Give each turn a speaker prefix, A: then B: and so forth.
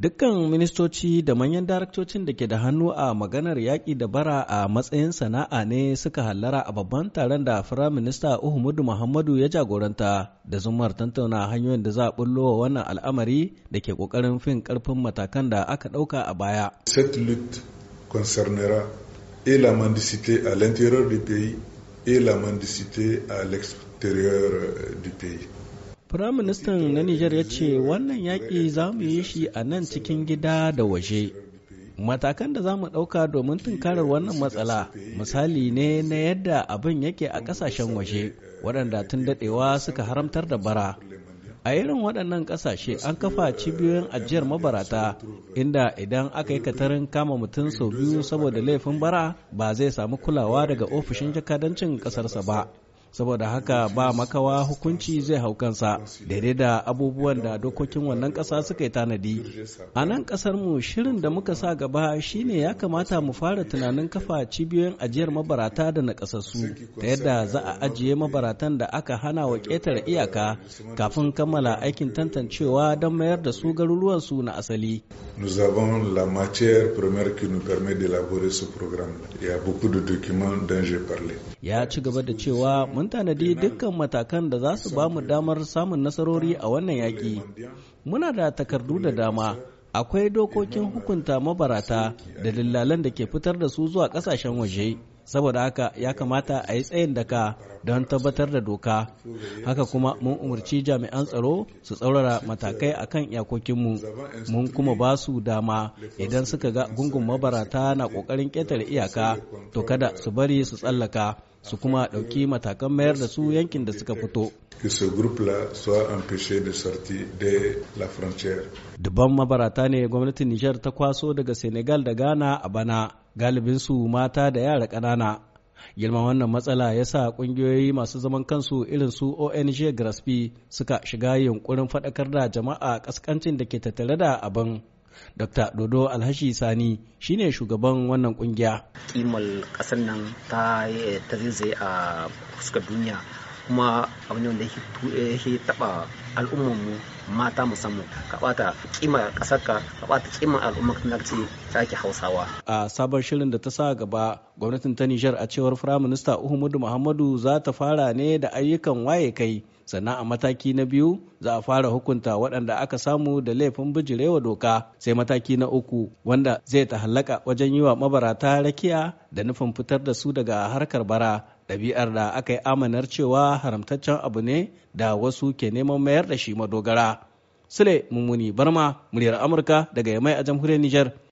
A: Dukkan ministoci da manyan daraktocin da ke da hannu a maganar yaƙi da bara a matsayin sana'a ne suka hallara a babban taron da Firayim Minista Uhumudu Muhammadu ya jagoranta da zumar tantauna hanyoyin da za a bullo wa wannan al'amari da ke ƙoƙarin fin ƙarfin matakan da aka ɗauka a baya. Cette lutte concernera Firaministan na Nijar ya ce wannan yaƙi za mu yi shi a nan cikin gida da waje. Matakan da za mu ɗauka domin tunkarar wannan matsala misali ne na yadda abin yake a ƙasashen waje waɗanda tun daɗewa suka haramtar da bara. a irin waɗannan ƙasashe an kafa cibiyoyin ajiyar mabarata inda idan aka yi katarin kama mutum sau biyu saboda laifin bara ba zai samu kulawa daga ofishin jakadancin ƙasarsa ba saboda haka ba makawa hukunci zai hau kansa daidai da abubuwan da dokokin wannan ƙasa suka yi tanadi a nan ƙasar mu shirin da muka sa gaba shine ya kamata mu fara tunanin kafa cibiyoyin ajiyar mabarata da nakasassu ta yadda za a ajiye mabaratan da aka hana wa ƙetare iyaka kafin kammala aikin tantancewa don mayar da su garuruwansu na asali nous avons la matière première qui nous permet d'élaborer ce programme. -là. Il y a beaucoup de documents dont j'ai parlé. Ya ci gaba da cewa mun tanadi dukkan matakan da za su ba mu damar samun nasarori a wannan yaƙi. Muna da takardu da dama. Akwai dokokin hukunta mabarata da dillalan da ke fitar da su zuwa ƙasashen waje. saboda haka ya kamata a yi tsayin daka don tabbatar da doka haka kuma mun umarci jami'an tsaro su tsaurara matakai akan iyakokinmu mun kuma ba su dama idan suka ga gungun mabarata na kokarin ƙetare iyaka to kada su bari su tsallaka su kuma ɗauki matakan mayar da su yankin da suka fito Dubban mabarata ne gwamnatin Nijar ta kwaso daga Senegal da Ghana a bana galibin su mata da yara ƙanana. girma wannan matsala ya sa ƙungiyoyi masu zaman kansu irin su ong graspi suka shiga yunkurin faɗakar da jama'a ƙasƙancin da ke tattare da abin dr dodo alhashi sani shine shugaban wannan ƙungiya Kimal ƙasar nan ta zai a fuskar duniya kuma abu ne wanda yake eh, taba al'ummarmu mata musamman ka bata kima ƙasar ka ka bata kima al'ummar ka ce ta ke hausawa a sabon shirin da ta sa gaba gwamnatin ta Nijar a cewar firaminista Uhumudu Muhammadu za ta fara ne da ayyukan waye kai sannan a mataki na biyu za a fara hukunta waɗanda aka samu da laifin bijirewa doka sai mataki na uku wanda zai ta hallaka wajen yi wa mabarata rakiya da nufin fitar da su daga harkar bara ɗabi'ar da aka yi amanar cewa haramtaccen abu ne da wasu ke neman mayar da shi madogara. Sule Mummuni Barma, muryar Amurka daga Yamai a jamhuriyar Nijar.